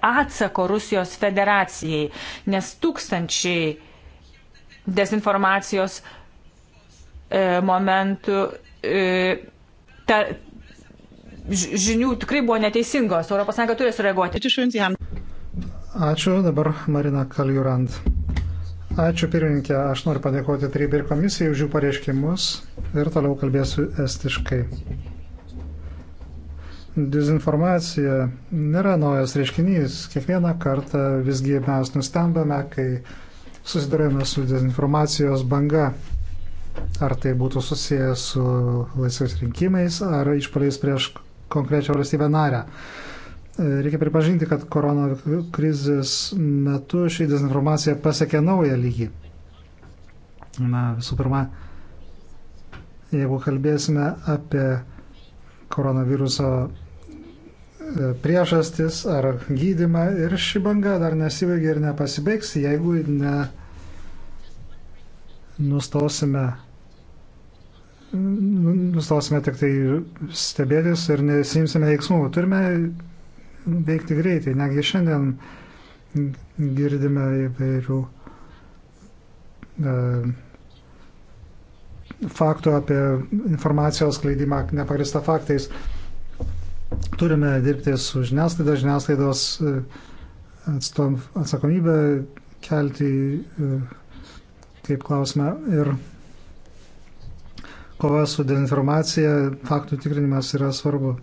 atsako Rusijos federacijai, nes tūkstančiai dezinformacijos e, momentų e, ta, žinių tikrai buvo neteisingos. ES turi sureaguoti. Ačiū dabar Marina Kaljurant. Ačiū pirmininkė, aš noriu padėkoti Trybė ir komisijai už jų pareiškimus ir toliau kalbėsiu estiškai. Dezinformacija nėra naujas reiškinys. Kiekvieną kartą visgi mes nustembame, kai susidurėme su dezinformacijos banga. Ar tai būtų susijęs su laisvais rinkimais, ar išpaliais prieš konkrečią valstybę narę. Reikia pripažinti, kad korona krizės metu ši dezinformacija pasiekė naują lygį. Na, visų pirma, jeigu kalbėsime apie koronaviruso priežastis ar gydimą ir ši banga dar nesibaigia ir nepasibaigs, jeigu ne nustosime, nustosime tik tai stebėtis ir nesimsime veiksmų. Turime veikti greitai, negi šiandien girdime įvairių e, faktų apie informacijos kleidimą nepagrįsta faktais. E, Turime dirbti su žiniasklaida, žiniasklaidos e, atsakomybę kelti e, kaip klausimą ir kova su dezinformacija, faktų tikrinimas yra svarbu.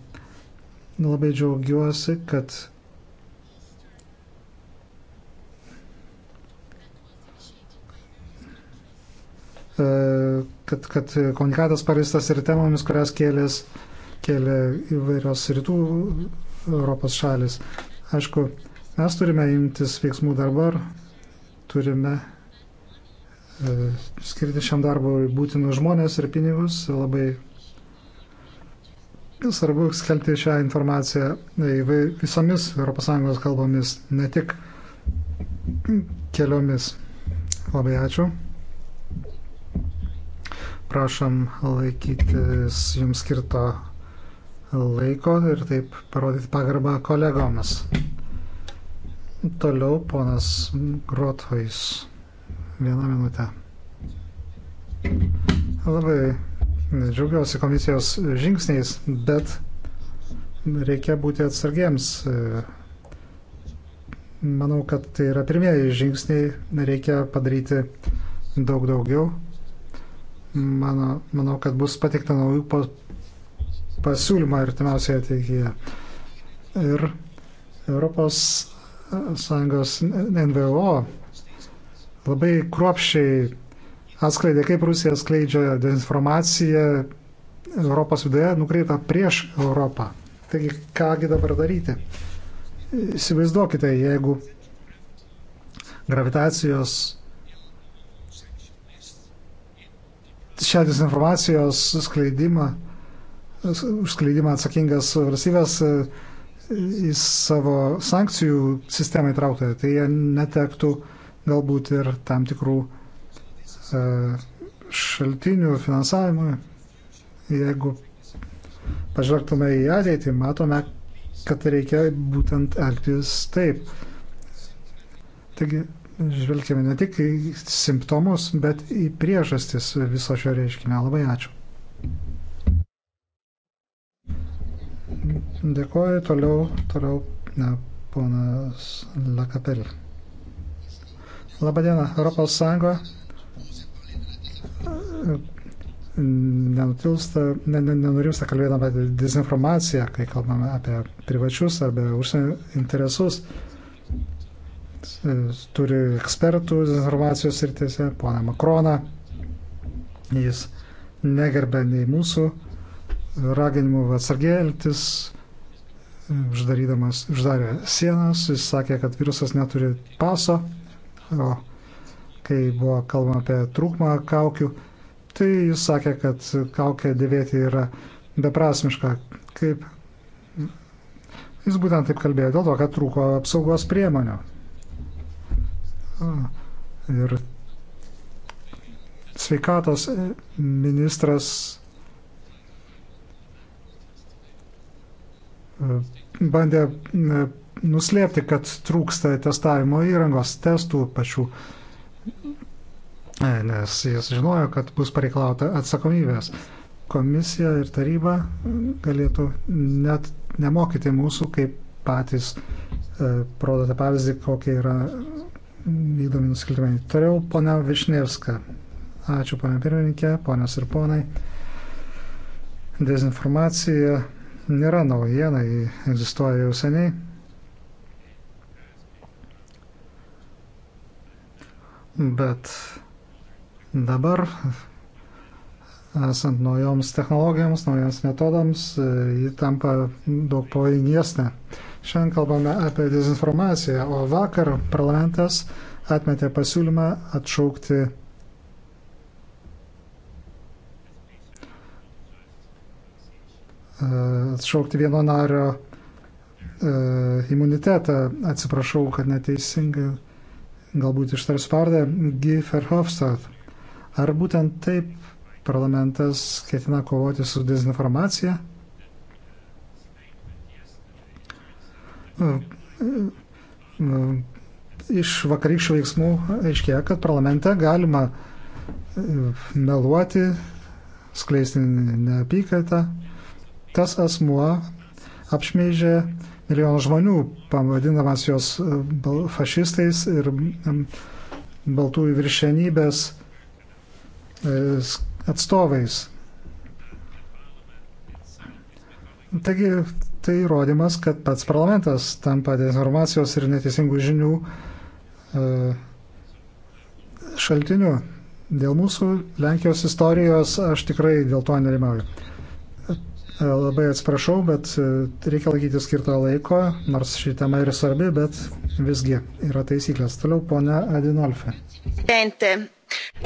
Labai džiaugiuosi, kad e, kad, kad komunikatas paristas ir temomis, kurias kėlės uh, kelia įvairios rytų Europos šalis. Aišku, mes turime imtis veiksmų dabar, turime e, skirti šiam darbui būtinus žmonės ir pinigus. Labai svarbu skelbti šią informaciją visomis ES kalbomis, ne tik keliomis. Labai ačiū. Prašom laikytis jums skirto laiko ir taip parodyti pagarbą kolegomis. Toliau ponas Grothois. Vieną minutę. Labai džiaugiuosi komisijos žingsniais, bet reikia būti atsargiems. Manau, kad tai yra pirmieji žingsniai, reikia padaryti daug daugiau. Mano, manau, kad bus pateikta naujų pasiūlymą artimiausioje ateityje. Ir ES e, NVO labai kruopščiai atskleidė, kaip Rusija skleidžia dezinformaciją Europos viduje nukreiptą prieš Europą. Taigi, kągi dabar daryti? Įsivaizduokite, jeigu gravitacijos šią dezinformacijos skleidimą užskleidimą atsakingas valstybės e, į savo sankcijų sistemą įtrauktoje, tai jie netektų galbūt ir tam tikrų e, šaltinių finansavimui. Jeigu pažvelgtume į ateitį, matome, kad reikia būtent elgtis taip. Taigi, žvelgime ne tik į simptomus, bet į priežastis viso šio reiškinio. Labai ačiū. Dėkuoju. Toliau, toliau ne, ponas Lakapel. Labadiena. Europos Sąjunga e, nenutilsta, nenurimsta kalbėdama apie dezinformaciją, kai kalbame apie privačius arba užsienio interesus. Turi ekspertų dezinformacijos rytise, poną Makroną. Jis negerbė nei mūsų raginimų atsargiai elgtis uždarydamas, uždarė sienas, jis sakė, kad virusas neturi paso, o kai buvo kalbama apie trūkumą kaukių, tai jis sakė, kad kaukę dėvėti yra beprasmiška. Kaip jis būtent taip kalbėjo dėl to, kad trūko apsaugos priemonių. Ir sveikatos ministras E, bandė e, nuslėpti, kad trūksta testavimo įrangos testų pačių, e, nes jis žinojo, kad bus pareiklauta atsakomybės. Komisija ir taryba galėtų net nemokyti mūsų, kaip patys parodote pavyzdį, kokie yra vykdomi nusikaltimai. Toliau ponia Višnievska. Ačiū ponia pirmininkė, ponios ir ponai. Dezinformacija nėra naujiena, ji egzistuoja jau seniai. Bet dabar, esant naujoms technologijoms, naujams metodams, ji tampa daug pavojingesnė. Šiandien kalbame apie dezinformaciją, o vakar parlamentas atmetė pasiūlymą atšaukti atšaukti vieno nario e, imunitetą. Atsiprašau, kad neteisingai galbūt ištars pavardę Giferhofstadt. Ar būtent taip parlamentas ketina kovoti su dezinformacija? E, e, iš vakarykščių veiksmų aiškėja, kad parlamente galima meluoti, skleisti neapykaitą tas asmuo apšmeižė milijonų žmonių, pavadinamas jos e, fašistais ir baltųjų viršenybės e, atstovais. Taigi tai įrodymas, kad pats parlamentas tampa dezinformacijos ir neteisingų žinių e, šaltiniu. Dėl mūsų Lenkijos istorijos aš tikrai dėl to nerimauju. E, labai atsiprašau, bet e, reikia laikyti skirto laiko, nors ši tema ir svarbi, bet visgi yra taisyklės. Toliau, ponia Adinolfi.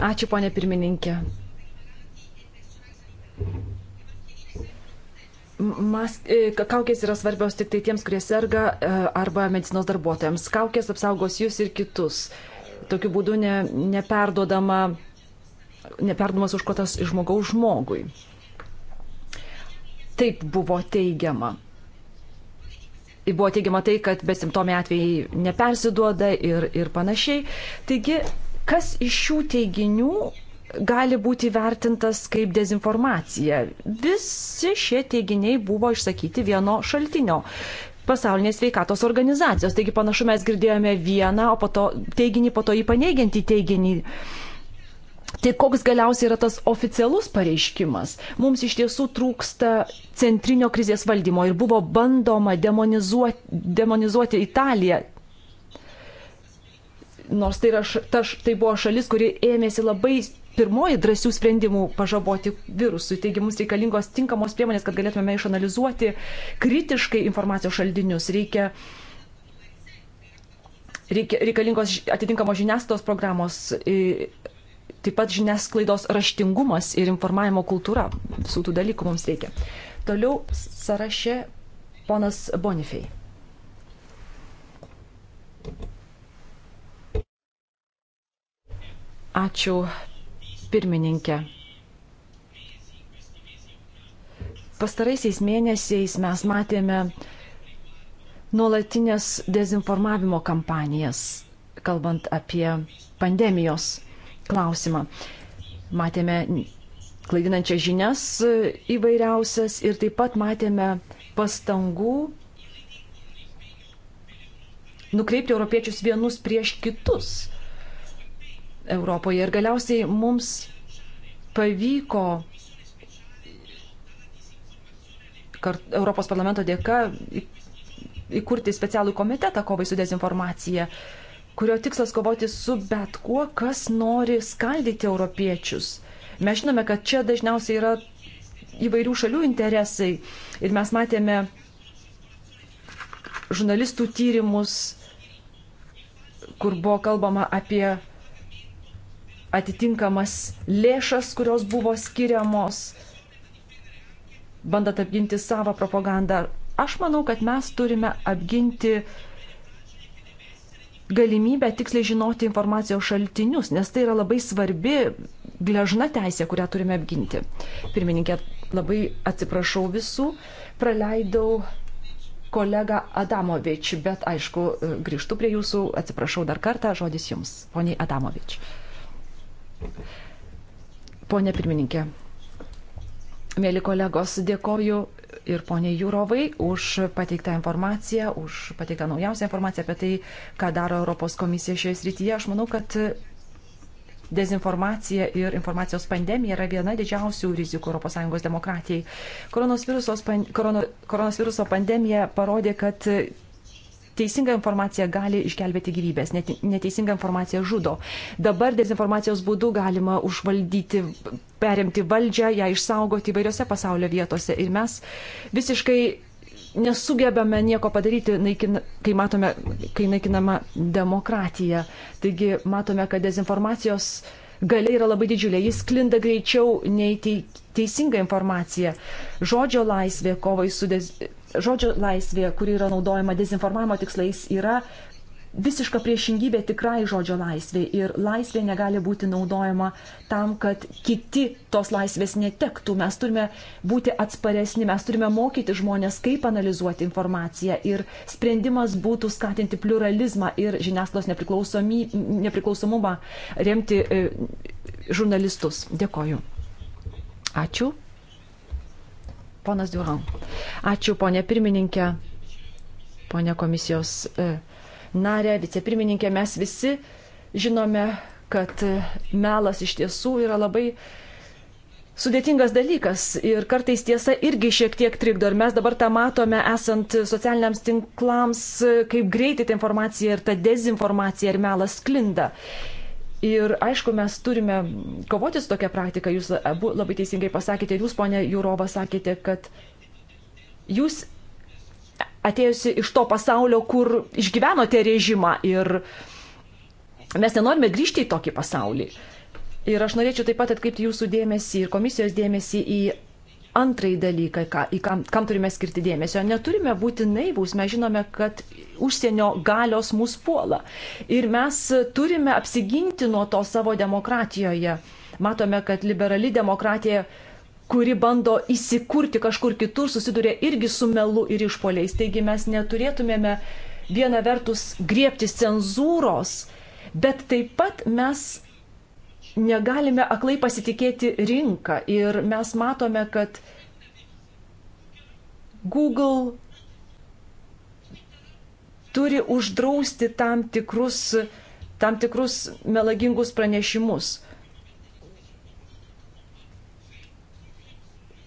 Ačiū, ponia pirmininkė. Mas, e, kaukės yra svarbios tik tai tiems, kurie serga arba medicinos darbuotojams. Kaukės apsaugos jūs ir kitus. Tokiu būdu ne, neperdodama, neperdomas užkotas žmogaus žmogui. Taip buvo teigiama. Buvo teigiama tai, kad besimptomiai atvejai nepersiduoda ir, ir panašiai. Taigi, kas iš šių teiginių gali būti vertintas kaip dezinformacija? Visi šie teiginiai buvo išsakyti vieno šaltinio. Pasaulinės sveikatos organizacijos. Taigi panašu mes girdėjome vieną, o po to teiginį, po to jį paneigiantį teiginį. teiginį Tai koks galiausiai yra tas oficialus pareiškimas? Mums iš tiesų trūksta centrinio krizės valdymo ir buvo bandoma demonizuoti, demonizuoti Italiją. Nors tai, yra, ta, tai buvo šalis, kuri ėmėsi labai pirmoji drąsių sprendimų pažaboti virusui. Taigi mums reikalingos tinkamos priemonės, kad galėtume išanalizuoti kritiškai informacijos šaltinius. Reikia, reikia, reikalingos atitinkamos žiniasklaidos programos, taip pat žiniasklaidos raštingumas ir informavimo kultūra. Visų tų dalykų mums reikia. Toliau sąraše ponas Bonifei. Ačiū pirmininkė. Pastaraisiais mėnesiais mes matėme nuolatinės dezinformavimo kampanijas, kalbant apie pandemijos klausimą. Matėme klaidinančias žinias e, įvairiausias ir taip pat matėme pastangų nukreipti europiečius vienus prieš kitus Europoje. Ir galiausiai mums pavyko Europos parlamento dėka įkurti specialų komitetą kovai su dezinformacija kurio tikslas kovoti su bet kuo, kas nori skaldyti europiečius. Mes žinome, kad čia dažniausiai yra įvairių šalių interesai ir mes matėme žurnalistų tyrimus, kur buvo kalbama apie atitinkamas lėšas, kurios buvo skiriamos, bandant apginti savo propagandą. Aš manau, kad mes turime apginti galimybę tiksliai žinoti informacijos šaltinius, nes tai yra labai svarbi gležna teisė, kurią turime apginti. Pirmininkė, labai atsiprašau visų, praleidau kolegą Adamovič, bet aišku, grįžtu prie jūsų, atsiprašau dar kartą, žodis jums, poniai Adamovič. Pone pirmininkė, mėly kolegos, dėkoju ir poniai Jūrovai už pateiktą informaciją, už pateiktą naujausią informaciją apie tai, ką daro Europos komisija šioje srityje. Aš manau, kad dezinformacija ir informacijos pandemija yra viena didžiausių rizikų ES demokratijai. Koronos viruso pandemija parodė, kad teisinga informacija gali išgelbėti gyvybės, neteisinga informacija žudo. Dabar dezinformacijos būdu galima užvaldyti, perimti valdžią, ją išsaugoti įvairiose pasaulio vietose ir mes visiškai nesugebame nieko padaryti, naikin, kai matome, kai naikinama demokratija. Taigi matome, kad dezinformacijos galia yra labai didžiulė, jis klinda greičiau nei teisinga informacija. Žodžio laisvė kovai su dez, žodžio laisvė, kuri yra naudojama dezinformavimo tikslais, yra visiška priešingybė tikrai žodžio laisvė. Ir laisvė negali būti naudojama tam, kad kiti tos laisvės netektų. Mes turime būti atsparesni, mes turime mokyti žmonės, kaip analizuoti informaciją. Ir sprendimas būtų skatinti pluralizmą ir žiniasklaidos nepriklausomumą, remti e, žurnalistus. Dėkoju. Ačiū. Ponas Duran. Ačiū, ponė pirmininkė, ponė komisijos e, narė, vicepirmininkė. Mes visi žinome, kad e, melas iš tiesų yra labai sudėtingas dalykas ir kartais tiesa irgi šiek tiek trikdo. Ir mes dabar tą matome esant socialiniams tinklams, e, kaip greitai ta informacija ir ta dezinformacija ir melas sklinda. Ir aišku, mes turime kovoti su tokia praktika. Jūs abu labai teisingai pasakėte, jūs, ponė Jūrova, sakėte, kad jūs atėjusi iš to pasaulio, kur išgyvenote režimą ir mes nenorime grįžti į tokį pasaulį. Ir aš norėčiau taip pat atkreipti jūsų dėmesį ir komisijos dėmesį į antrąjį dalyką, ką, kam, kam turime skirti dėmesio. Neturime būti naivūs, mes žinome, kad užsienio galios mus puola. Ir mes turime apsiginti nuo to savo demokratijoje. Matome, kad liberali demokratija kuri bando įsikurti kažkur kitur, susiduria irgi su melu ir išpoliais. Taigi mes neturėtumėme viena vertus griebtis cenzūros, bet taip pat mes negalime aklai pasitikėti rinką ir mes matome, kad Google turi uždrausti tam tikrus, tam tikrus melagingus pranešimus.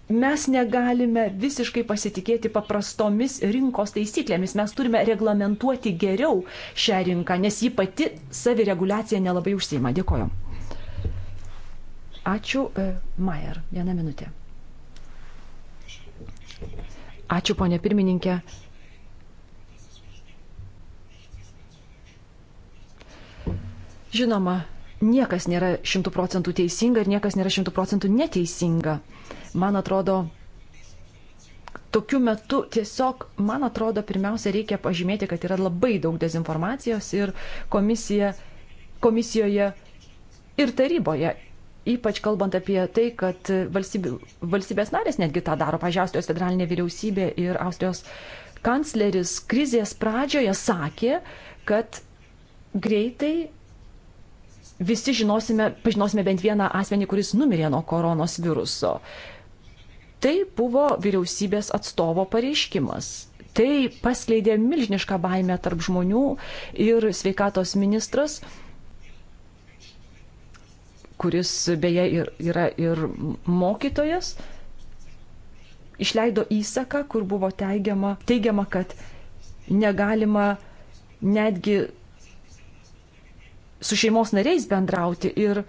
Mes negalime visiškai pasitikėti paprastomis rinkos taisyklėmis, mes turime reglamentuoti geriau šią rinką, nes ji pati savireguliacija nelabai užsima. Dėkojom. Ačiū, e, Majer. Vieną minutę. Ačiū, ponė pirmininkė. Žinoma, niekas nėra šimtų procentų teisinga ir niekas nėra šimtų procentų neteisinga. Man atrodo, tokiu metu tiesiog, man atrodo, pirmiausia reikia pažymėti, kad yra labai daug dezinformacijos ir komisija, komisijoje ir taryboje Ypač kalbant apie tai, kad valstybė, valstybės narės netgi tą daro. Pavyzdžiui, Austrijos federalinė vyriausybė ir Austrijos kancleris krizės pradžioje sakė, kad greitai visi žinosime, pažinosime bent vieną asmenį, kuris numirė nuo koronos viruso. Tai buvo vyriausybės atstovo pareiškimas. Tai paskleidė milžinišką baimę tarp žmonių ir sveikatos ministras kuris beje ir, yra ir mokytojas, išleido įsaką, kur buvo teigiama, teigiama kad negalima netgi su šeimos nariais bendrauti. Ir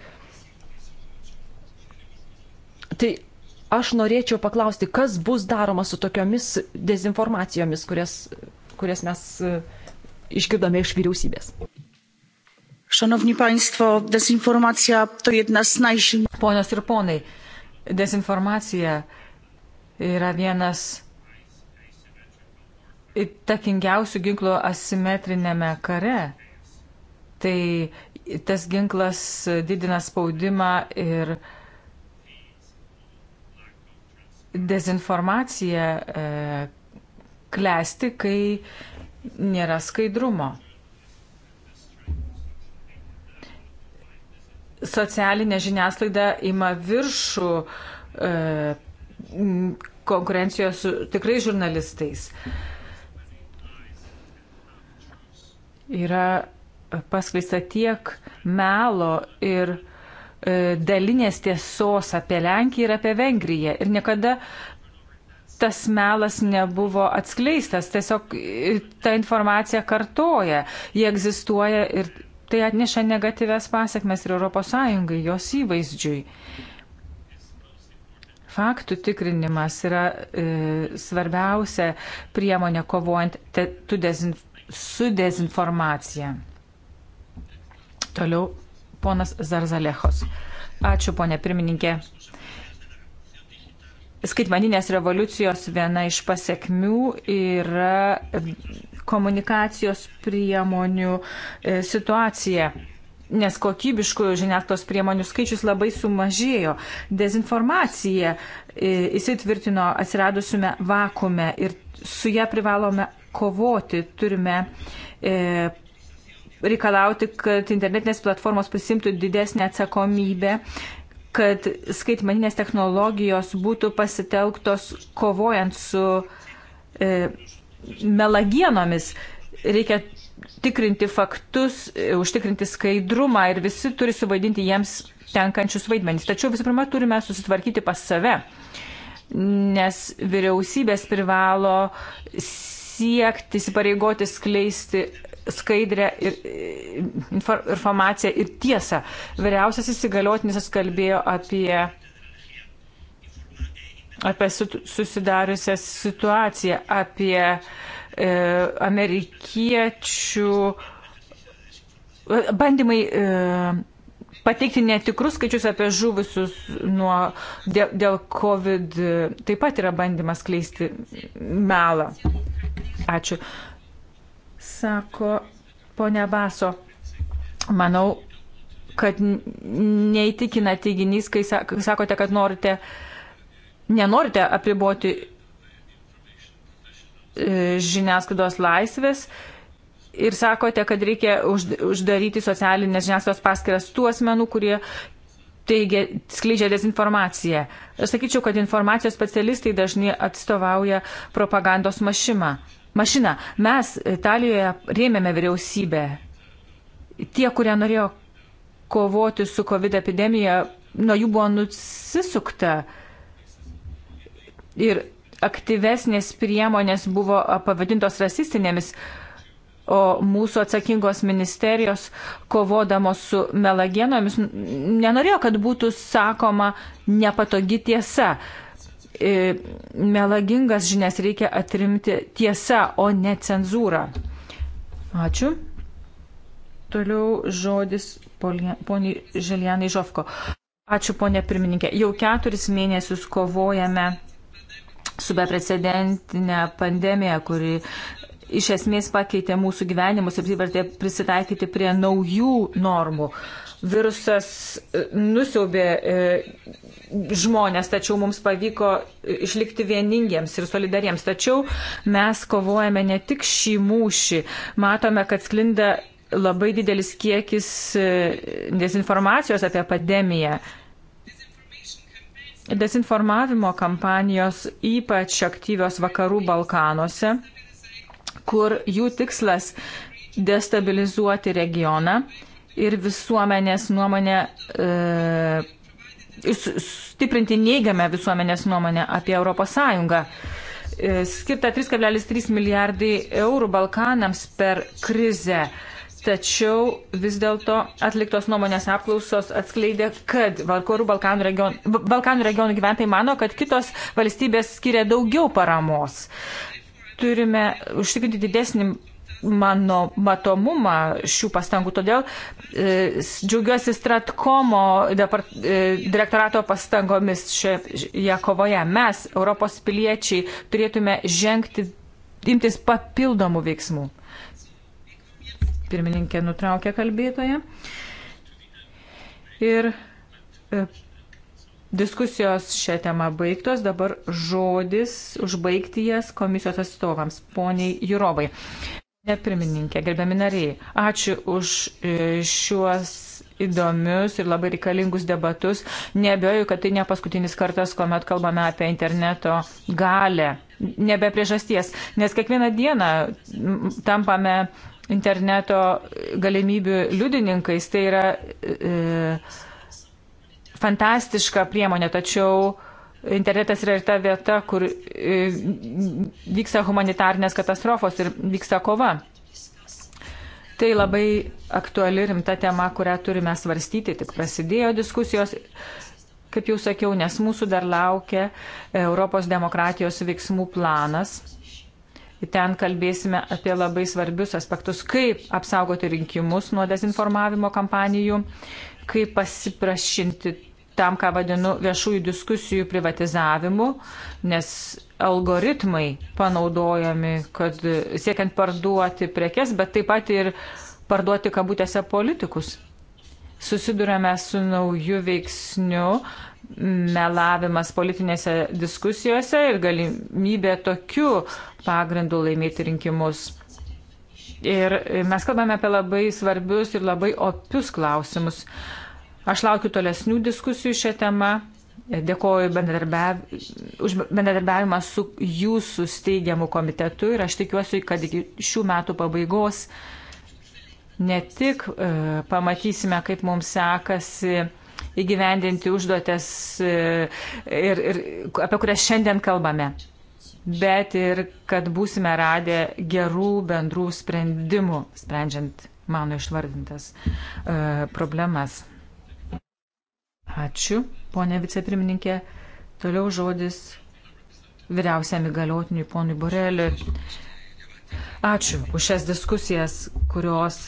tai aš norėčiau paklausti, kas bus daroma su tokiomis dezinformacijomis, kurias, kurias mes e, išgirdome iš vyriausybės. Šanovni paistvo, dezinformacija to jedna z najsilniejszych. Ponios ir ponai, dezinformacija yra vienas įtakingiausių ginklų asimetrinėme kare. Tai tas ginklas didina spaudimą ir dezinformacija e, klesti, kai nėra skaidrumo. socialinė žiniasklaida ima viršų e, konkurencijos su tikrai žurnalistais. Yra paskleista tiek melo ir e, dalinės tiesos apie Lenkiją ir apie Vengriją. Ir niekada tas melas nebuvo atskleistas. Tiesiog e, ta informacija kartoja. Jie egzistuoja ir tai atneša negatyves pasiekmes ir ES, jos įvaizdžiui. Faktų tikrinimas yra e, svarbiausia priemonė kovojant te, dezin, su dezinformacija. Toliau ponas Zarzalechos. Ačiū, ponė pirmininkė skaitmaninės revoliucijos viena iš pasiekmių yra komunikacijos priemonių e, situacija. Nes kokybiškų žiniasklaidos priemonių skaičius labai sumažėjo. Dezinformacija e, įsitvirtino atsiradusiame vakume ir su ją privalome kovoti. Turime e, reikalauti, kad internetinės platformos prisimtų didesnį atsakomybę kad skaitmaninės technologijos būtų pasitelktos kovojant su e, melagienomis. Reikia tikrinti faktus, e, užtikrinti skaidrumą ir visi turi suvaidinti jiems tenkančius vaidmenys. Tačiau visų pirma, turime susitvarkyti pas save, nes vyriausybės privalo siekti, įsipareigoti skleisti skaidrę ir, infor, informaciją ir tiesą. Vyriausias įsigaliotinis kalbėjo apie, apie susidariusią situaciją, apie e, amerikiečių e, bandymai e, pateikti netikrus skaičius apie žuvusius nuo, dėl, dėl COVID taip pat yra bandymas kleisti melą. Ačiū sako ponia Baso. Manau, kad neįtikina teiginys, kai sakote, kad norite, nenorite apriboti e, žiniasklaidos laisvės ir sakote, kad reikia uždaryti socialinės žiniasklaidos paskiras tų asmenų, kurie teigia, skleidžia dezinformaciją. Aš sakyčiau, kad informacijos specialistai dažnai atstovauja propagandos mašimą mašiną. Mes Italijoje rėmėme vyriausybę. Tie, kurie norėjo kovoti su COVID epidemija, nuo jų buvo nusisukta. Ir aktyvesnės priemonės buvo pavadintos rasistinėmis, o mūsų atsakingos ministerijos, kovodamos su melagienomis, nenorėjo, kad būtų sakoma nepatogi tiesa. E, melagingas žinias reikia atrimti tiesa, o ne cenzūra. Ačiū. Toliau žodis poniai Želianai Žovko. Ačiū, ponė pirmininkė. Jau keturis mėnesius kovojame su beprecedentinė pandemija, kuri iš esmės pakeitė mūsų gyvenimus ir privertė prisitaikyti prie naujų normų. Uh, virusas e, nusiaubė e, žmonės, tačiau mums pavyko išlikti vieningiems ir solidariems. Tačiau mes kovojame ne tik šį mūšį, matome, kad sklinda labai didelis kiekis e, dezinformacijos apie pandemiją. Dezinformavimo kampanijos ypač aktyvios vakarų Balkanuose, kur jų tikslas destabilizuoti regioną ir visuomenės nuomonę, e, stiprinti neigiamą visuomenės nuomonę apie ES. E, skirta 3,3 milijardai eurų Balkanams per krizę. Tačiau vis dėlto atliktos nuomonės apklausos atskleidė, kad Valkorų Balkanų regionų, Balkanų regionų gyventojai mano, kad kitos valstybės skiria daugiau paramos. Turime užtikrinti didesnį mano matomumą šių pastangų. Todėl e, džiaugiuosi Stratkomo depart, e, direktorato pastangomis šioje kovoje. Mes, Europos piliečiai, turėtume žengti, imtis papildomų veiksmų. Pirmininkė nutraukė kalbėtoje. Ir e, Diskusijos šią temą baigtos, dabar žodis užbaigti jas komisijos atstovams, poniai Jurovai. Ne pirmininkė, gerbiami nariai, ačiū už e, šiuos įdomius ir labai reikalingus debatus. Nebejoju, kad tai ne paskutinis kartas, kuomet kalbame apie interneto galę. Nebe priežasties, nes kiekvieną dieną tampame interneto galimybių liudininkais. Tai yra e, fantastiška priemonė, tačiau e, internetas yra ir ta vieta, kur e, vyksta humanitarnės katastrofos ir vyksta kova. Tai labai aktuali rimta tema, kurią turime svarstyti. Tik prasidėjo diskusijos, kaip jau sakiau, nes mūsų dar laukia Europos demokratijos veiksmų planas. Ten kalbėsime apie labai svarbius aspektus, kaip apsaugoti rinkimus nuo dezinformavimo kampanijų, kaip pasiprašinti tam, ką vadinu viešųjų diskusijų privatizavimu, nes algoritmai panaudojami, kad siekiant parduoti prekes, bet taip pat ir parduoti kabutėse politikus. Susidurėme su nauju veiksniu melavimas politinėse diskusijose ir galimybė tokiu pagrindu laimėti rinkimus. Ir mes kalbame apie labai svarbius ir labai opius klausimus. Uh, Aš laukiu tolesnių diskusijų šią temą. Dėkoju bendradarbiav... už bendradarbiavimą su jūsų steigiamu komitetu ir aš tikiuosi, kad iki šių metų pabaigos ne tik e, pamatysime, kaip mums sekasi įgyvendinti užduotės e, ir, ir apie kurias šiandien kalbame, bet ir kad būsime radę gerų bendrų sprendimų, sprendžiant mano išvardintas e, problemas. Ačiū, ponė vicepirmininkė. Toliau žodis vyriausiam įgaliotiniui ponui Boreliui. Ačiū už šias diskusijas, kurios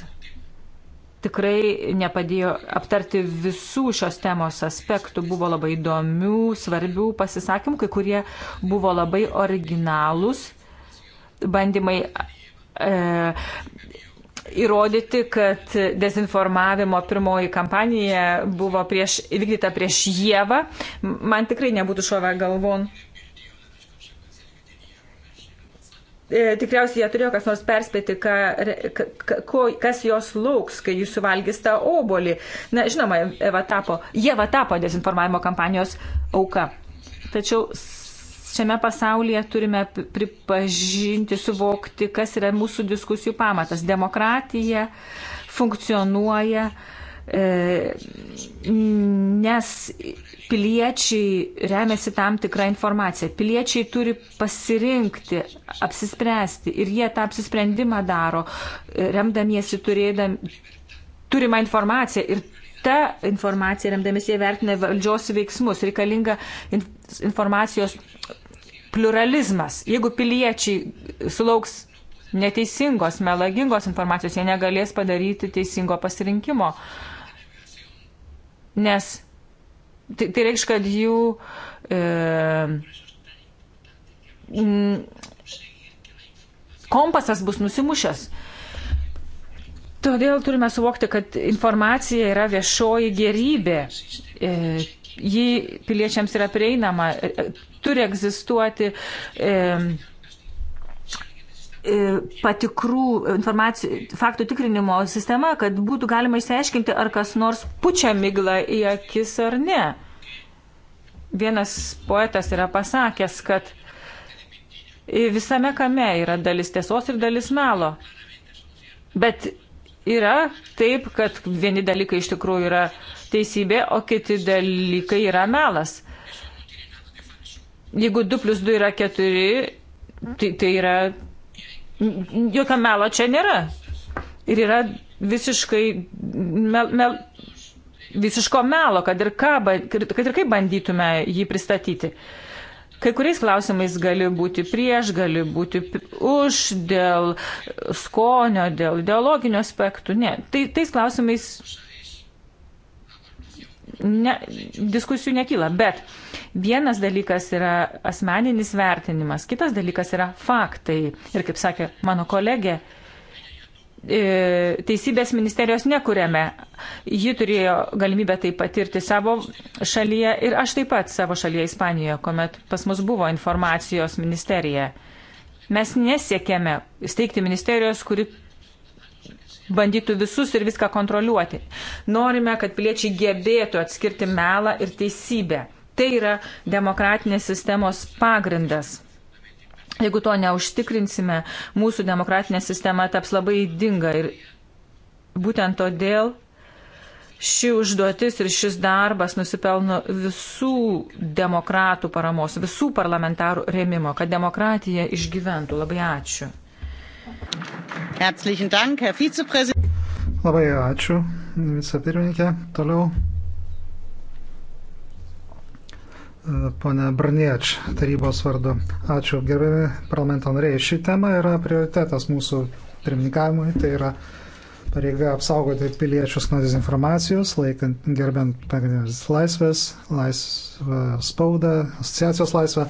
tikrai nepadėjo aptarti visų šios temos aspektų. Buvo labai įdomių, svarbių pasisakymų, kai kurie buvo labai originalūs bandymai e, įrodyti, kad dezinformavimo pirmoji kampanija buvo prieš, įvykdyta prieš Jėvą, man tikrai nebūtų šovę galvon. E, tikriausiai jie turėjo kas nors perspėti, ka, ka, ko, kas jos lauks, kai jūs suvalgys tą obolį. Na, žinoma, Eva tapo, Jėva tapo dezinformavimo kampanijos auka. Tačiau šiame pasaulyje turime pripažinti, suvokti, kas yra mūsų diskusijų pamatas. Demokratija funkcionuoja, e, nes piliečiai remiasi tam tikrą informaciją. Piliečiai turi pasirinkti, apsispręsti ir jie tą apsisprendimą daro, e, remdamiesi turėdami turimą informaciją ir ta informacija remdamiesi jie vertina valdžios veiksmus. Reikalinga informacijos pluralizmas. Jeigu piliečiai sulauks neteisingos, melagingos informacijos, jie negalės padaryti teisingo pasirinkimo. Nes tai, tai reikš, kad jų e, kompasas bus nusimušęs. Todėl turime suvokti, kad informacija yra viešoji gerybė. E, ji piliečiams yra prieinama, e, e, turi egzistuoti e, e, patikrų e, faktų tikrinimo sistema, kad būtų galima išsiaiškinti, ar kas nors pučia miglą į akis ar ne. Vienas poetas yra pasakęs, kad visame kame yra dalis tiesos ir dalis melo. Bet yra taip, kad vieni dalykai iš tikrųjų yra uh, teisybė, o kiti dalykai yra melas. Jeigu 2 plus 2 yra 4, tai, tai yra. Jokio melo čia nėra. Ir yra visiškai. Mel, mel, visiško melo, kad ir, ką, kad ir kaip bandytume jį pristatyti. Kai kuriais klausimais gali būti prieš, gali būti už, dėl skonio, dėl ideologinių aspektų. Ne, tai, tais klausimais ne, diskusijų nekyla. Bet vienas dalykas yra asmeninis vertinimas, kitas dalykas yra faktai. Ir kaip sakė mano kolegė, e, Teisybės ministerijos nekūrėme. Ji turėjo galimybę tai patirti savo šalyje ir aš taip pat savo šalyje Ispanijoje, kuomet pas mus buvo informacijos ministerija. Mes nesiekėme steigti ministerijos, kuri bandytų visus ir viską kontroliuoti. Norime, kad piliečiai gebėtų atskirti melą ir teisybę. Tai yra demokratinės sistemos pagrindas. Jeigu to neužtikrinsime, mūsų demokratinė sistema taps labai įdinga ir būtent todėl ši užduotis ir šis darbas nusipelno visų demokratų paramos, visų parlamentarų remimo, kad demokratija išgyventų. Labai ačiū. Labai ačiū, vicepirmininkė. Toliau. Pone Brnieč, tarybos vardu. Ačiū, gerbiami parlamento nariai. Ši tema yra prioritetas mūsų pirmininkavimui. Tai yra pareiga apsaugoti piliečius nuo dezinformacijos, laikant, gerbiant pagrindinės laisvės, laisvę spaudą, asociacijos laisvę.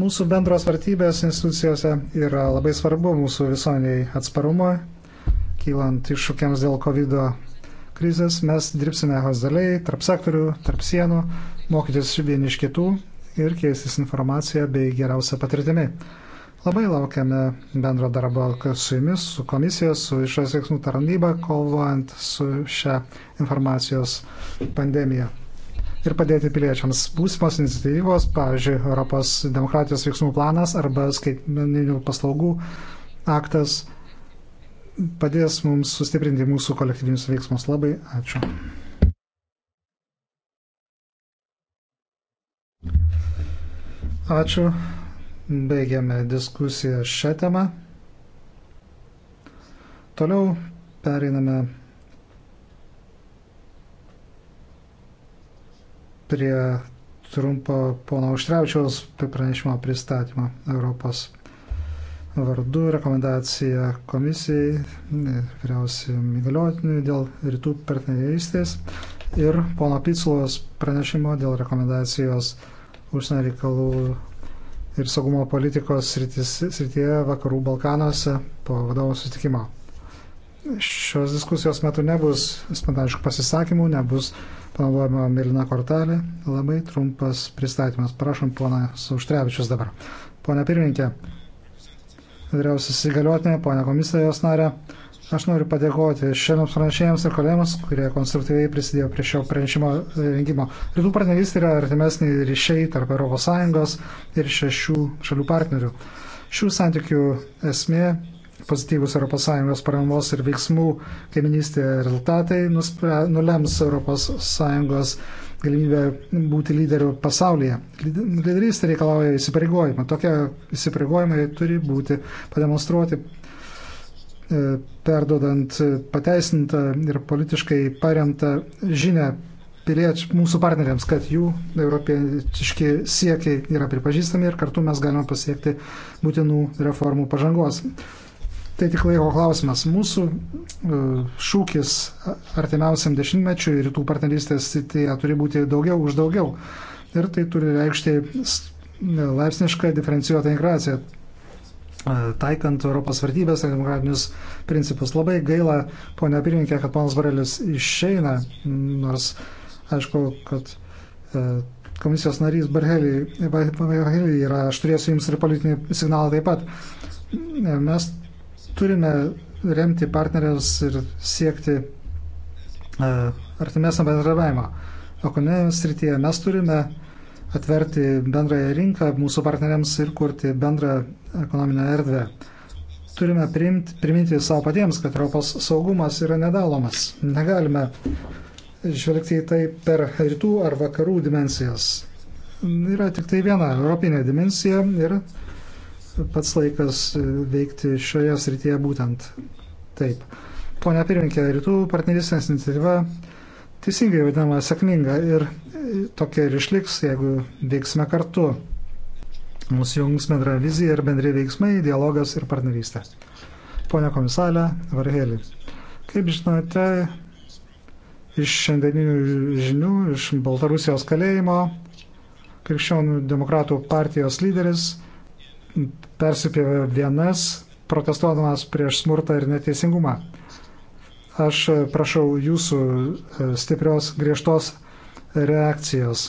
Mūsų bendros vartybės institucijose yra labai svarbu mūsų visuomeniai atsparumo, kylant iššūkiams dėl COVID krizės, mes dirbsime hozaliai, tarp sektorių, tarp sienų, mokytis vieni iš kitų ir keistis informaciją bei geriausią patirtimį. Labai laukiame bendro darbo su jumis, su komisija, su išorės veiksmų tarnyba, kovojant su šią informacijos pandemiją ir padėti piliečiams. Būsimos iniciatyvos, pavyzdžiui, Europos demokratijos veiksmų planas arba skaitmeninių paslaugų aktas padės mums sustiprinti mūsų kolektyvinius veiksmus. Labai ačiū. Ačiū. Baigiame diskusiją šią temą. Toliau pereiname prie trumpo pono Užtrevičiaus pranešimo pristatymą Europos vardu rekomendacija komisijai, vyriausiam įgaliotiniui dėl rytų partnerystės ir pono Pitsulos pranešimo dėl rekomendacijos užsienio reikalų ir saugumo politikos srityje vakarų Balkanuose po vadovų susitikimo. Šios diskusijos metu nebus spontaniškų pasisakymų, nebus Pavojama Milina kortelė. Labai trumpas pristatymas. Prašom, pona Sauštrevičius dabar. Pone pirmininkė, vyriausias įgaliotinė, pone komisijos narė, aš noriu padėkoti šiandienos pranešėjams ir kolegams, kurie konstruktyviai prisidėjo prie šio pranešimo rengimo. Rytų partnerystė yra artimesni ryšiai tarp ES ir šešių šalių partnerių. Šių santykių esmė pozityvus ES paramos ir veiksmų kaiminystė rezultatai nuspre, nulems ES galimybę būti lyderiu pasaulyje. Lyderystė reikalauja įsipareigojimą. Tokie įsipareigojimai turi būti pademonstruoti e, perdodant pateisintą ir politiškai paremtą žinę piliečių, mūsų partneriams, kad jų europietiški siekiai yra pripažįstami ir kartu mes galime pasiekti būtinų reformų pažangos. Tai tik laiko klausimas. Mūsų e, šūkis artimiausiam dešimtmečiui rytų partnerystės sityje turi būti daugiau už daugiau. Ir tai turi reikšti e, laipsnišką diferencijuotą integraciją, e, taikant Europos vertybės ir demokratinius principus. Labai gaila, ponia pirmininkė, kad ponas Varelis išeina, nors aišku, kad komisijos narys Barhelį yra, aš turėsiu jums ir politinį signalą taip pat. Mes Turime remti partnerius ir siekti e, artimesnio bendravimo. Ekonominėje srityje mes turime atverti bendrąją rinką mūsų partneriams ir kurti bendrą ekonominę erdvę. Turime priimti, priminti savo patiems, kad Europos saugumas yra nedalomas. Negalime žvelgti į tai per rytų ar vakarų dimensijas. Yra tik tai viena europinė dimensija ir pats laikas e, veikti šioje srityje būtent taip. Pone pirmininkė, rytų partnerystės iniciatyva teisingai vadinama sėkminga ir e, tokia ir išliks, jeigu veiksime kartu. Mūsų jungs bendra vizija ir bendri veiksmai, dialogas ir partnerystė. Pone komisalė Varhelį, kaip žinote, iš šiandieninių žinių, iš Baltarusijos kalėjimo, krikščionių demokratų partijos lyderis persipėvė vienas, protestuodamas prieš smurtą ir neteisingumą. Aš e, prašau jūsų e, stiprios, griežtos reakcijos.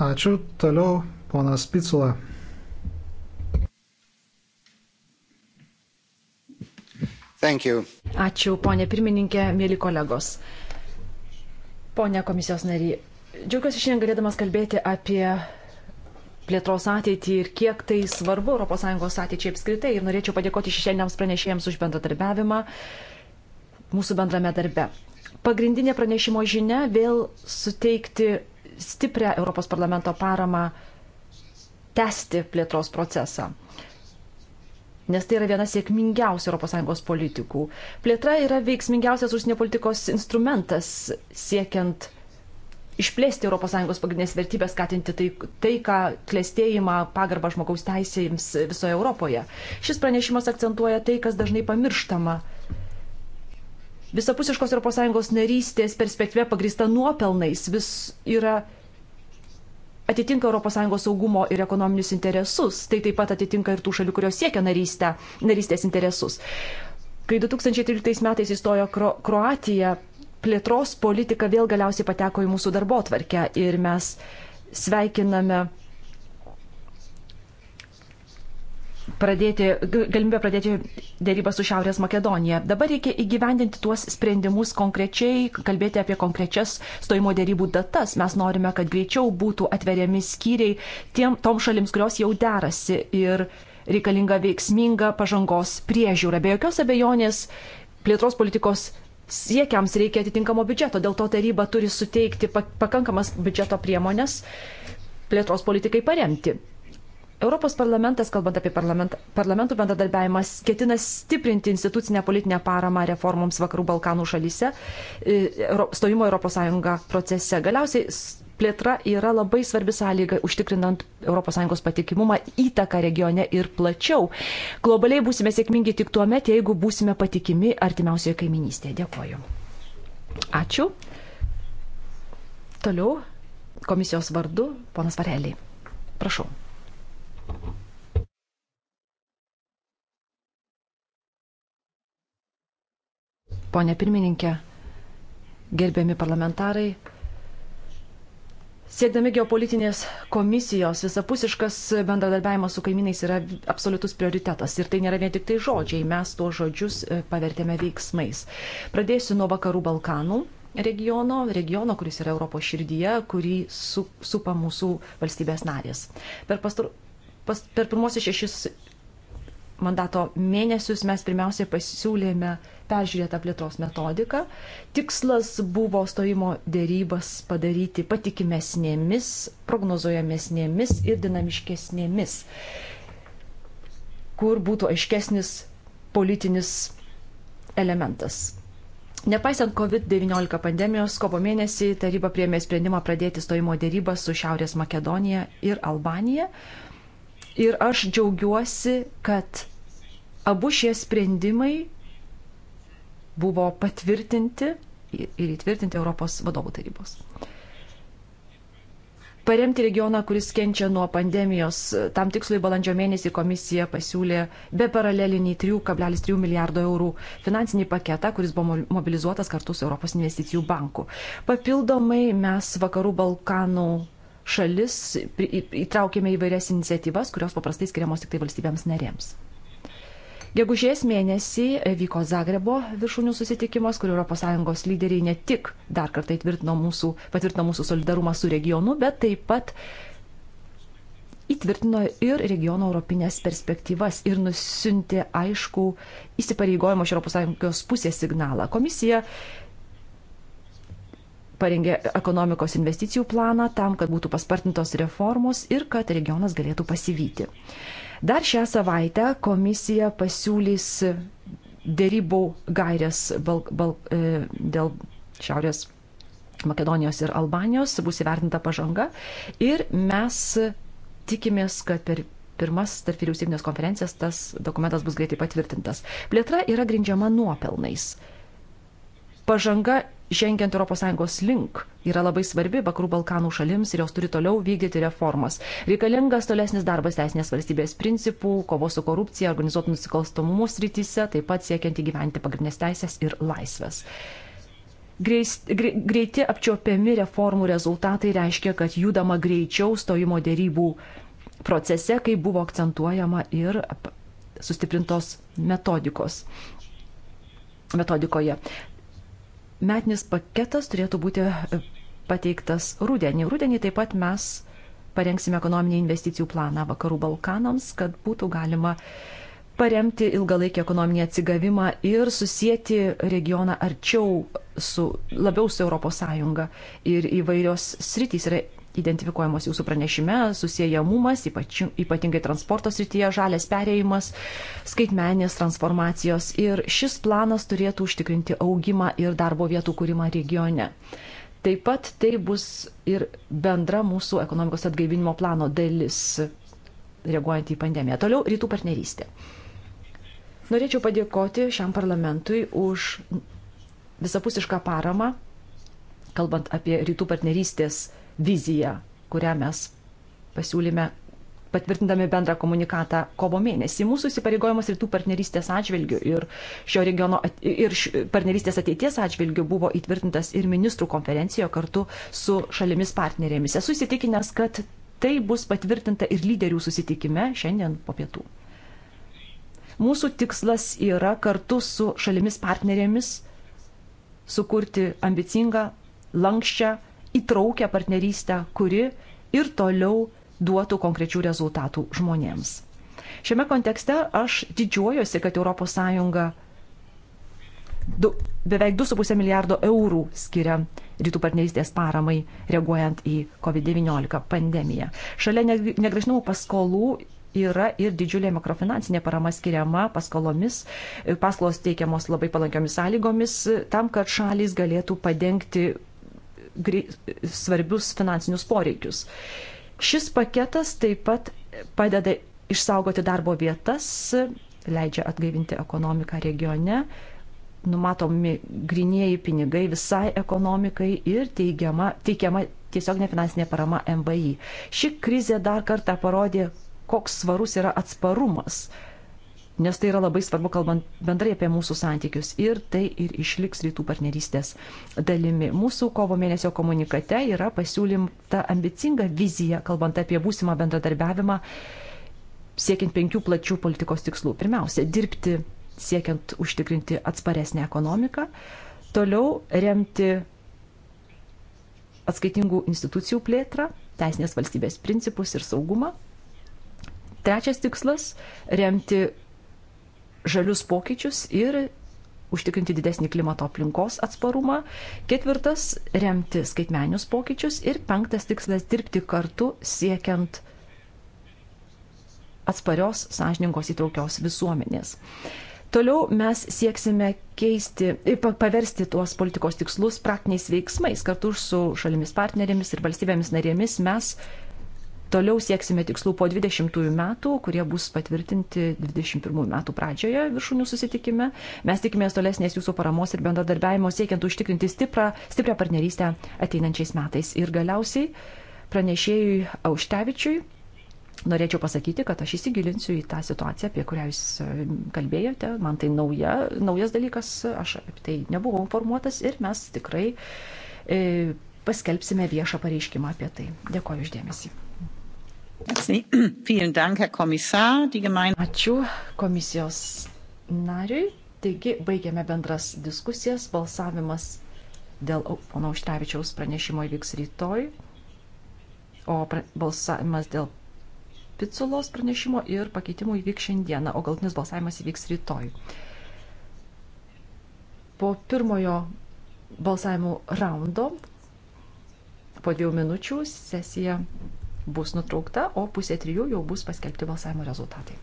Ačiū. Toliau ponas Picula. Ačiū, ponė pirmininkė, mėly kolegos. Pone komisijos nariai, Džiaugiuosi šiandien galėdamas kalbėti apie plėtros ateitį ir kiek tai svarbu ES ateičiai apskritai. Ir norėčiau padėkoti šešėliniams pranešėjams už bendradarbiavimą mūsų bendrame darbe. Pagrindinė pranešimo žinia vėl suteikti stiprią Europos parlamento paramą tęsti plėtros procesą. Nes tai yra viena sėkmingiausių ES politikų. Plėtra yra veiksmingiausias užsienio politikos instrumentas siekiant išplėsti ES pagrindinės vertybės, skatinti tai, tai ką klėstėjimą, pagarbą žmogaus teisėjams visoje Europoje. Šis pranešimas akcentuoja tai, kas dažnai pamirštama. Visapusiškos ES narystės perspektyva pagrįsta nuopelnais vis yra atitinka ES saugumo ir ekonominius interesus, tai taip pat atitinka ir tų šalių, kurios siekia narystę, narystės interesus. Kai 2013 metais įstojo Kro Kroatija, plėtros politika vėl galiausiai pateko į mūsų darbo tvarkę ir mes sveikiname pradėti, galimybę pradėti dėrybą su Šiaurės Makedonija. Dabar reikia įgyvendinti tuos sprendimus konkrečiai, kalbėti apie konkrečias stojimo dėrybų datas. Mes norime, kad greičiau būtų atveriami skyriai tiem, tom šalims, kurios jau derasi ir reikalinga veiksminga pažangos priežiūra. Be jokios abejonės plėtros politikos siekiams reikia atitinkamo biudžeto, dėl to taryba turi suteikti pakankamas biudžeto priemonės plėtros politikai paremti. Europos parlamentas, kalbant apie parlament, parlamentų bendradarbiavimas, ketina stiprinti institucinę politinę paramą reformoms Vakarų Balkanų šalyse, e, stojimo Europos Sąjunga procese. Galiausiai plėtra yra labai svarbi sąlyga užtikrinant ES patikimumą, įtaką regione ir plačiau. Globaliai būsime sėkmingi tik tuo met, jeigu būsime patikimi artimiausioje kaiminystėje. Dėkoju. Ačiū. Toliau komisijos vardu ponas Varelį. Prašau. Pone pirmininkė, gerbiami parlamentarai, Siekdami geopolitinės komisijos, visapusiškas bendradarbiavimas su kaimynais yra absoliutus prioritetas. Ir tai nėra vien tik tai žodžiai, mes tuos žodžius e, pavertėme veiksmais. Pradėsiu nuo vakarų Balkanų regiono, regiono, kuris yra Europos širdyje, kurį su, supa mūsų valstybės narės. Per, pastur, pas, per pirmosius šešis mandato mėnesius mes pirmiausia pasiūlėme peržiūrėtą plėtros metodiką. Tikslas buvo stojimo dėrybas padaryti patikimesnėmis, prognozuojamesnėmis ir dinamiškesnėmis, kur būtų aiškesnis politinis elementas. Nepaisant COVID-19 pandemijos, kovo mėnesį taryba priemė sprendimą pradėti stojimo dėrybas su Šiaurės Makedonija ir Albanija. Ir aš džiaugiuosi, kad abu šie sprendimai buvo patvirtinti ir įtvirtinti Europos vadovų tarybos. Paremti regioną, kuris kenčia nuo pandemijos, tam tikslui balandžio mėnesį komisija pasiūlė be paralelinį 3,3 milijardo eurų finansinį paketą, kuris buvo mobilizuotas kartu su Europos investicijų banku. Papildomai mes Vakarų Balkanų šalis, įtraukėme įvairias iniciatyvas, kurios paprastai skiriamos tik tai valstybėms narėms. Gegužės mėnesį vyko Zagrebo viršūnių susitikimas, kur ES lyderiai ne tik dar kartą mūsų, patvirtino mūsų solidarumą su regionu, bet taip pat įtvirtino ir regiono europinės perspektyvas ir nusiuntė aišku įsipareigojimo iš ES pusės signalą. Komisija parengė ekonomikos investicijų planą tam, kad būtų paspartintos reformos ir kad regionas galėtų pasivyti. Dar šią savaitę komisija pasiūlys dėrybų gairias bal, bal, e, dėl Šiaurės Makedonijos ir Albanijos, bus įvertinta pažanga ir mes tikimės, kad per pirmas tarp vyriausybinės konferencijas tas dokumentas bus greitai patvirtintas. Plėtra yra grindžiama nuopelnais. Pažanga žengiant ES link yra labai svarbi Vakarų Balkanų šalims ir jos turi toliau vykdyti reformas. Reikalingas tolesnis darbas teisinės valstybės principų, kovos su korupcija, organizuotų nusikalstamumų srityse, taip pat siekiant įgyventi pagrindinės teisės ir laisvės. Greis, gre, greiti apčiopiami reformų rezultatai reiškia, kad judama greičiau stojimo dėrybų procese, kai buvo akcentuojama ir sustiprintos metodikos metodikoje. Metinis paketas turėtų būti e, pateiktas rudenį. Rudenį taip pat mes parengsime ekonominį investicijų planą Vakarų Balkanams, kad būtų galima paremti ilgalaikį ekonominį atsigavimą ir susijęti regioną arčiau su labiau su ES. Ir įvairios sritys yra identifikuojamos jūsų pranešime - susijęjamumas, ypač, ypatingai transporto srityje, žalės perėjimas, skaitmenės transformacijos. Ir šis planas turėtų užtikrinti augimą ir darbo vietų kūrimą regione. Taip pat tai bus ir bendra mūsų ekonomikos atgaivinimo plano dalis, reaguojant į pandemiją. Toliau rytų partnerystė. Norėčiau padėkoti šiam parlamentui už visapusišką paramą, kalbant apie rytų partnerystės viziją, kurią mes pasiūlyme patvirtindami bendrą komunikatą kovo mėnesį. Mūsų įsipareigojimas rytų partnerystės atžvilgių ir šio regiono at, ir partnerystės ateities atžvilgių buvo įtvirtintas ir ministrų konferencijoje kartu su šalimis partnerėmis. Esu įsitikinęs, kad tai bus patvirtinta ir lyderių susitikime šiandien po pietų. Mūsų tikslas yra kartu su šalimis partnerėmis sukurti ambicingą, lankščią įtraukę partnerystę, kuri ir toliau duotų konkrečių rezultatų žmonėms. Šiame kontekste aš didžiuojuosi, kad ES du, beveik 2,5 milijardo eurų skiria rytų partnerystės paramai, reaguojant į COVID-19 pandemiją. Šalia negražinamų paskolų yra ir didžiulė makrofinansinė parama skiriama paskolomis, paskolos teikiamos labai palankiomis sąlygomis, tam, kad šalis galėtų padengti svarbius finansinius poreikius. Šis paketas taip pat padeda išsaugoti darbo vietas, leidžia atgaivinti ekonomiką regione, numatomi grinieji pinigai visai ekonomikai ir teigiama, teikiama tiesiog nefinansinė parama MVI. Ši krizė dar kartą parodė, koks svarus yra atsparumas nes tai yra labai svarbu, kalbant bendrai apie mūsų santykius. Ir tai ir išliks rytų partnerystės dalimi. Mūsų kovo mėnesio komunikate yra pasiūlymta ambicinga vizija, kalbant apie būsimą bendradarbiavimą, siekiant penkių plačių politikos tikslų. Pirmiausia, dirbti siekiant užtikrinti atsparesnę ekonomiką, toliau remti atskaitingų institucijų plėtrą, teisinės valstybės principus ir saugumą. Trečias tikslas - remti žalius pokyčius ir užtikrinti didesnį klimato aplinkos atsparumą. Ketvirtas - remti skaitmenius pokyčius. Ir penktas tikslas - dirbti kartu siekiant atsparios, sąžiningos įtraukios visuomenės. Toliau mes sieksime keisti, paversti tuos politikos tikslus praktiniais veiksmais. Kartu su šalimis partnerėmis ir valstybėmis narėmis mes Toliau sieksime tikslų po 20 metų, kurie bus patvirtinti 21 metų pradžioje viršūnių susitikime. Mes tikimės tolesnės jūsų paramos ir bendradarbiavimo siekiant užtikrinti stiprą, stiprią partnerystę ateinančiais metais. Ir galiausiai pranešėjui Auštevičiui norėčiau pasakyti, kad aš įsigilinsiu į tą situaciją, apie kurią jūs e, kalbėjote. Man tai nauja, naujas dalykas, aš apie tai nebuvau informuotas ir mes tikrai e, paskelbsime viešą pareiškimą apie tai. Dėkoju uždėmesį. Ačiū komisijos nariui. Taigi baigiame bendras diskusijas. Balsavimas dėl pono Užtrevičiaus pranešimo įvyks rytoj, o balsavimas dėl Piculos pranešimo ir pakeitimų įvyks šiandieną, o galtinis balsavimas įvyks rytoj. Po pirmojo balsavimo raundo, po dviejų minučių, sesija bus nutraukta, o pusė trijų jau bus paskelbti balsavimo rezultatai.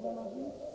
Thank you.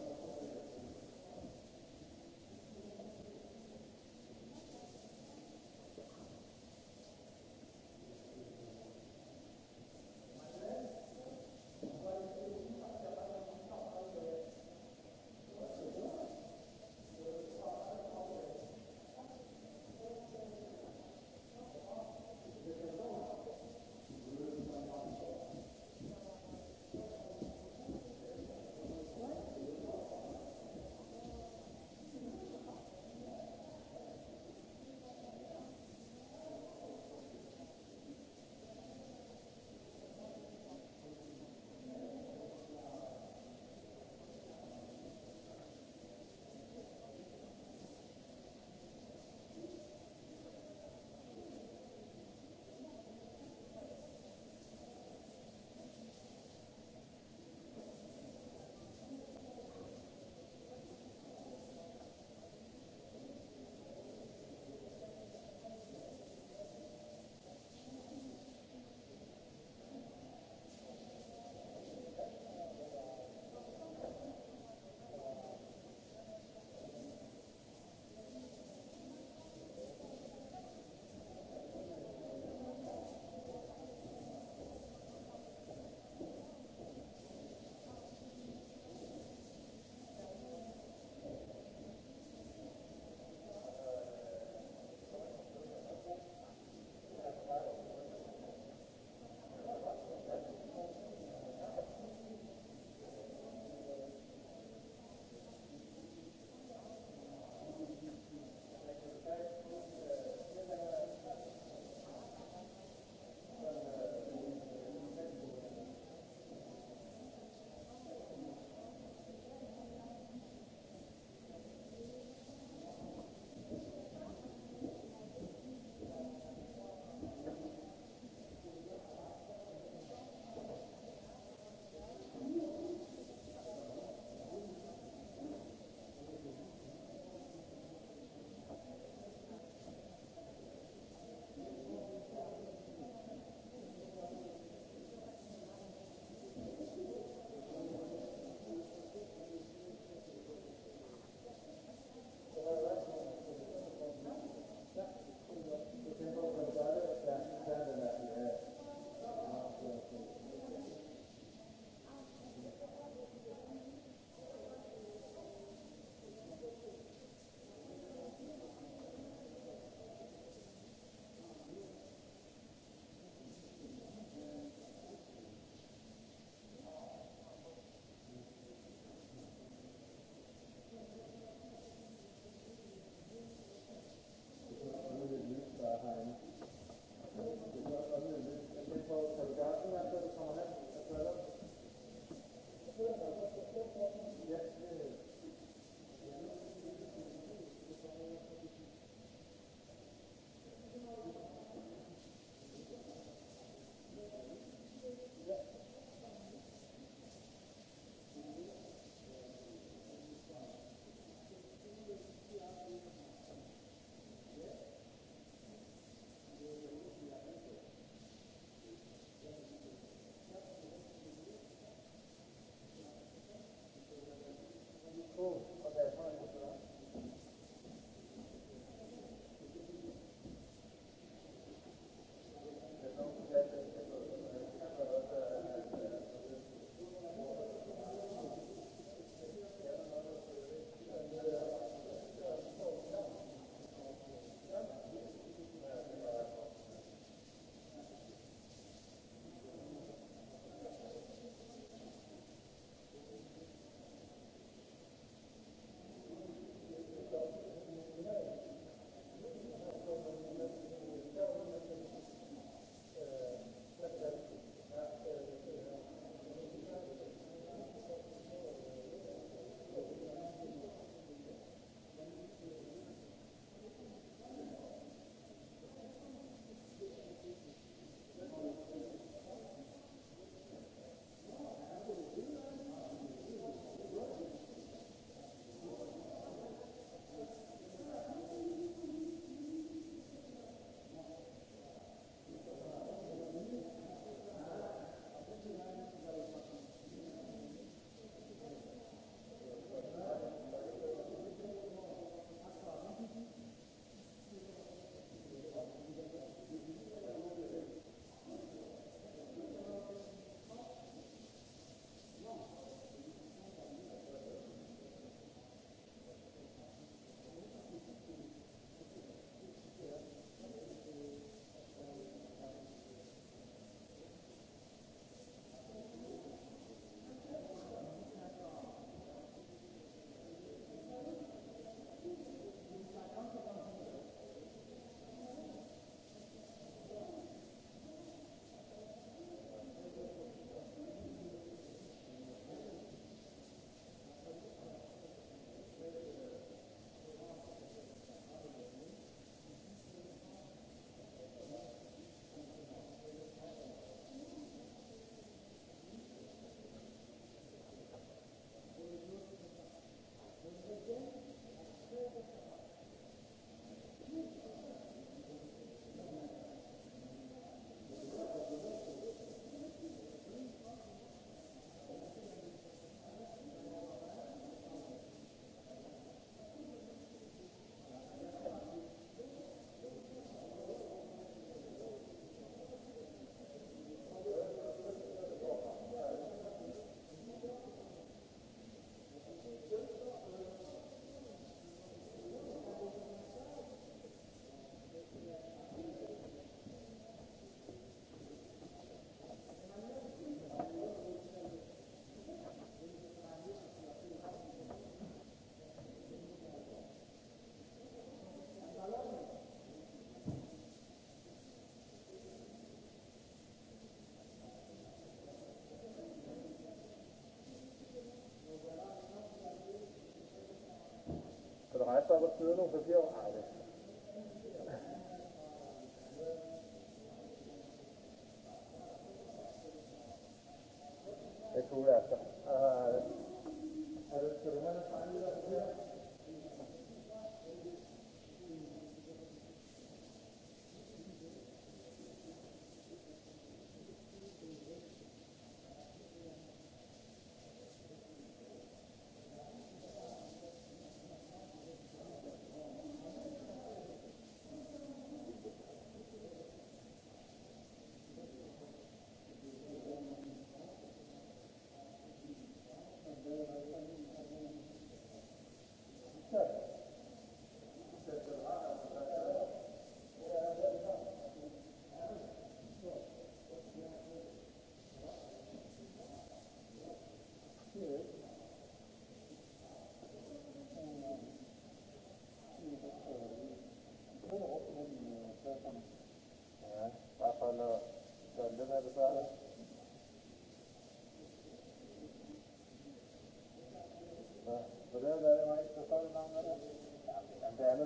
uur nog een veel aardig.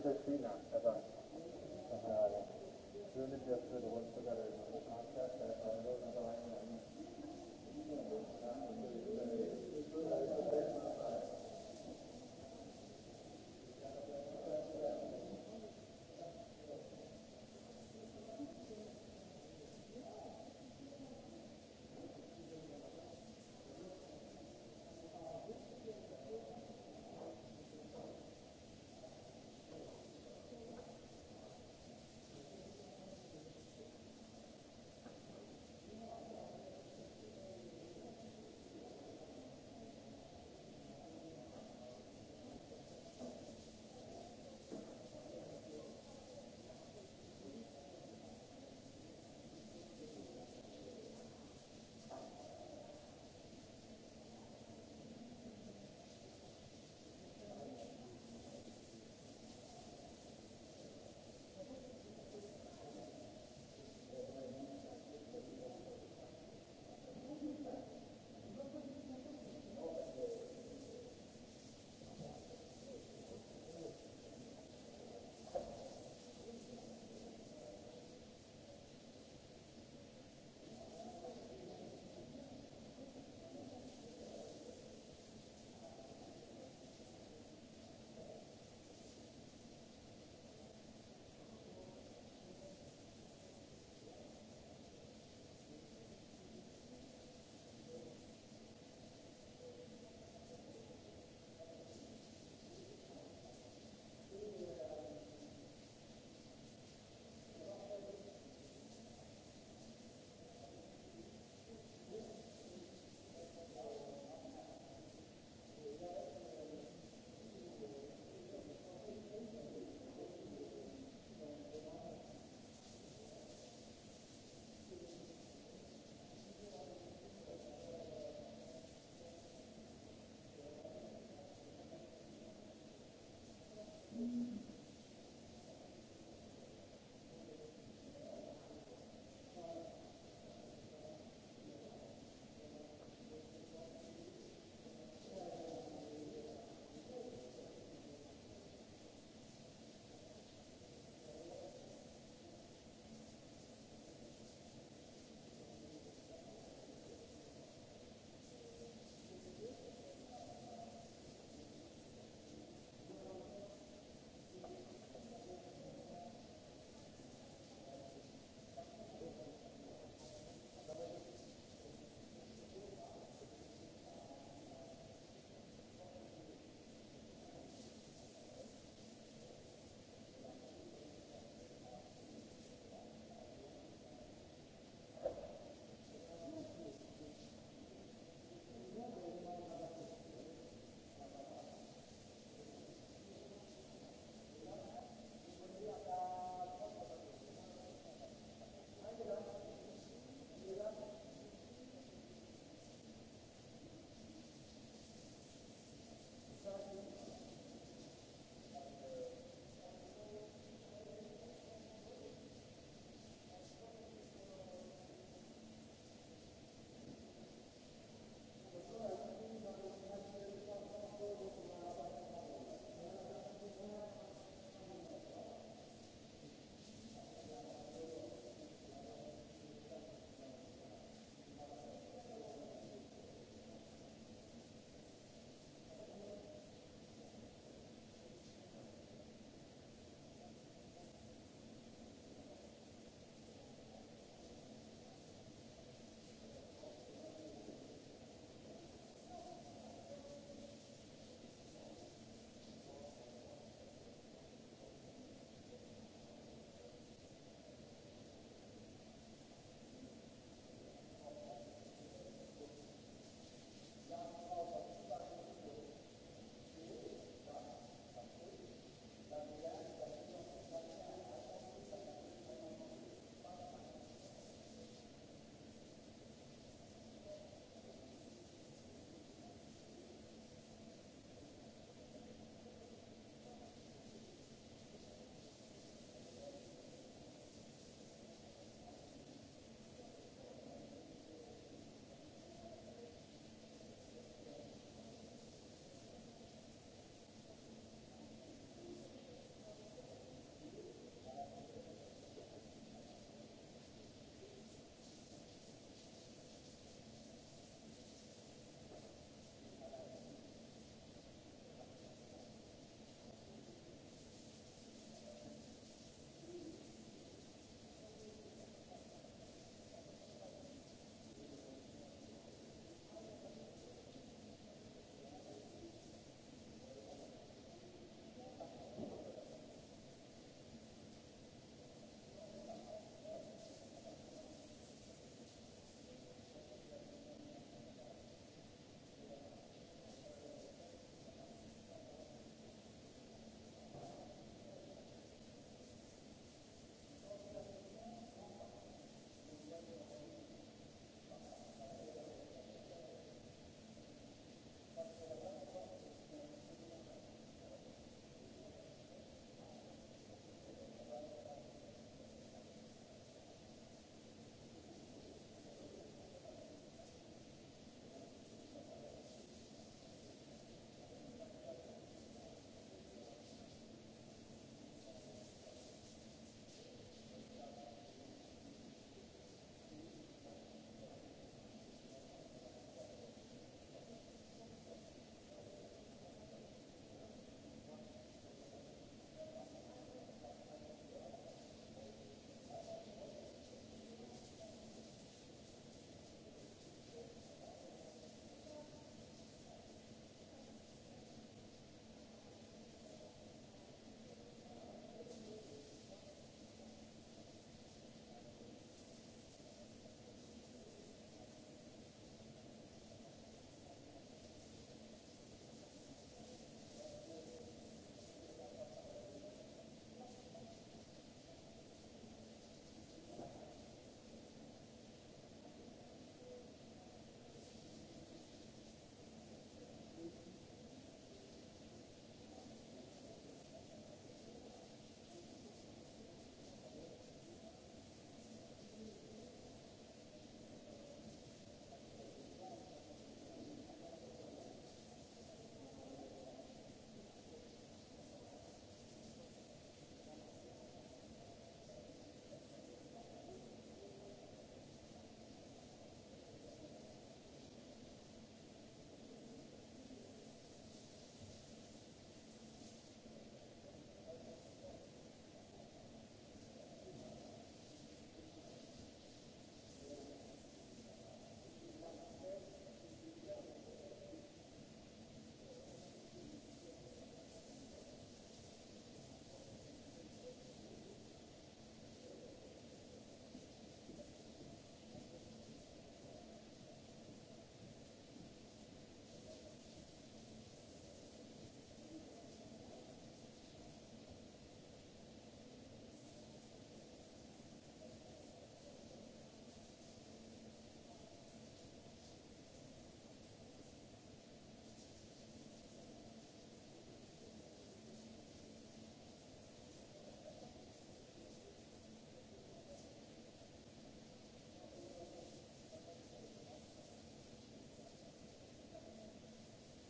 försökt finna.